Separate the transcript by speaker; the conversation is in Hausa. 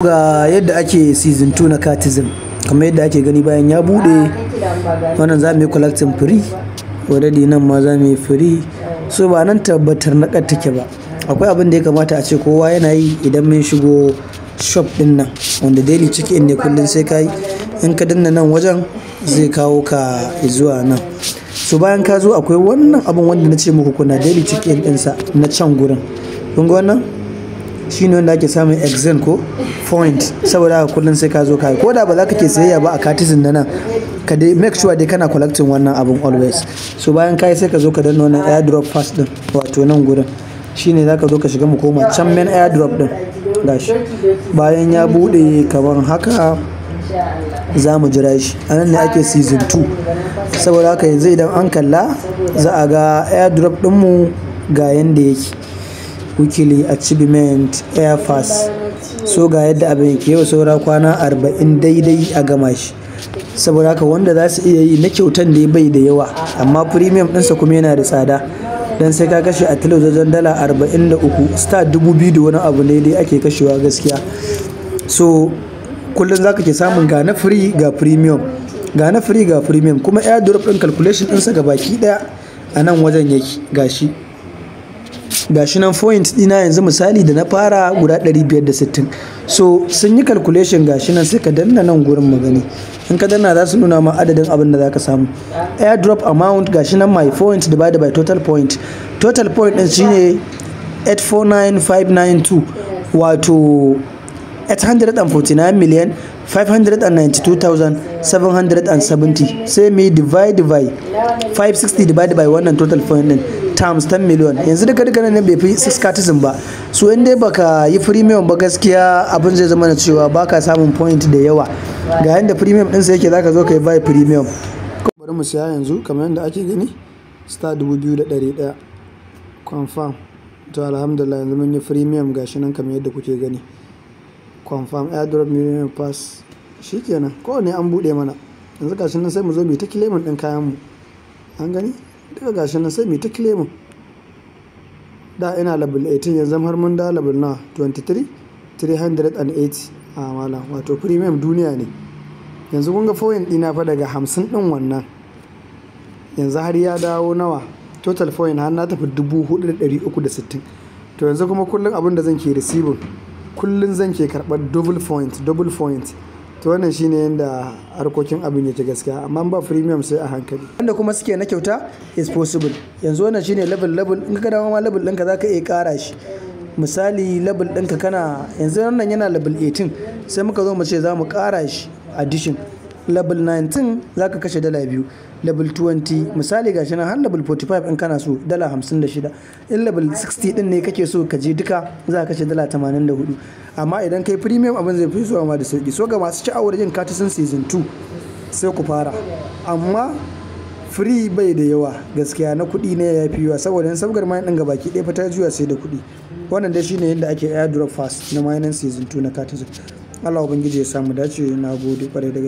Speaker 1: ga yadda ake season 2 na catechism kamar yadda ake gani bayan ya bude wannan za mu yi collecting free already nan ma za mu yi free so ba nan tabbatar na kar take ba akwai abin da ya kamata a ce kowa yana yi idan mun shigo shop din nan wanda daily check in ne kullum sai ka yi in ka danna nan wajen zai kawo ka zuwa nan so bayan ka zo akwai wannan abin wanda na ce muku kuna daily check in ɗinsa na can gurin kun wannan shine wanda ake samun exen ko point saboda haka kullum sai ka zo kai ko da ba za ka ke sayayya ba a katizin na nan ka dai make sure dai kana collecting wannan abun always so bayan kai sai ka zo ka danna wannan airdrop fast din wato nan gurin shine za ka zo ka shiga mu koma can main airdrop din gashi bayan ya bude kaman haka za mu jira shi a ne ake season 2 saboda haka yanzu idan an kalla za a ga airdrop mu ga yanda yake wikili Achievement force So ga yadda abin yake yau saura kwana arba'in daidai a gama shi. Saboda haka wanda za su iya yi na kyautan da ya bai da yawa amma premium ɗinsa kuma yana da tsada. Dan sai ka kashe a least wajen dala arba'in da uku star dubu biyu da wani abu ne dai ake kashewa gaskiya. So kullum za ka ke samun ga na free ga premium. Ga na free ga premium kuma airdrop ɗin calculation ɗinsa baki ɗaya a nan wajen yake gashi. gashi nan point dina yanzu misali da na fara guda 560 so sun yi calculation gashi nan sai ka danna nan gurin magani in ka danna za su nuna ma adadin abin da za ka samu airdrop amount gashi nan my point divided by total point total point din shine 849592 wato 849 million 592,770 sai mu divide by 560 divided by wannan total point din times 10 million yanzu duka duka nan bai fi 6 ba so inda dai baka yi premium ba gaskiya abin zai zama na cewa baka samun point da yawa ga yanda premium ɗinsa yake zaka zo ka yi buy premium bari mu siya yanzu kamar yadda ake gani star 2100 confirm to alhamdulillah yanzu mun yi premium gashi nan kamar yadda kuke gani confirm airdrop million pass shikenan kowane an buɗe mana yanzu gashi nan sai mu zo mu ta kilemin ɗin kayan mu an gani daga gashi nan sai mu ta kilemu da ina level 18 yanzu har mun da level na 23 380 a mala wato premium duniya ne yanzu kun ga foyin dina fa daga 50 din wannan yanzu har ya dawo nawa total foyin har na tafi 4360 to yanzu kuma kullum abin da zan ke receiving kullum zan ke karɓar double point double point to wannan shine yadda harkokin abin ya yake gaskiya amma ba premium sai a hankali wanda kuma suke na kyauta is possible yanzu wannan shine level level in ka dawo ma level ɗinka za ka iya kara shi misali level ɗinka kana yanzu wannan yana level 18 sai muka zo mu ce za mu kara shi addition level 19 zaka kashe dala biyu level 20 misali gashi nan har level 45 in kana so dala 56 in level 60 din ne kake so ka je duka za ka kashe dala 84 amma idan kai premium abin zai fi zuwa ma da sauki so ga masu sha'awar jin katisin season 2 sai ku fara amma free bai da yawa gaskiya na kuɗi ne ya fi yawa saboda sabgar mayan ɗin gabaki ɗaya fata zuwa sai da kuɗi wannan dai shine yadda ake airdrop fast na mayanin season 2 na katisin Allah Ubangiji ya samu dace na gode kwarai daga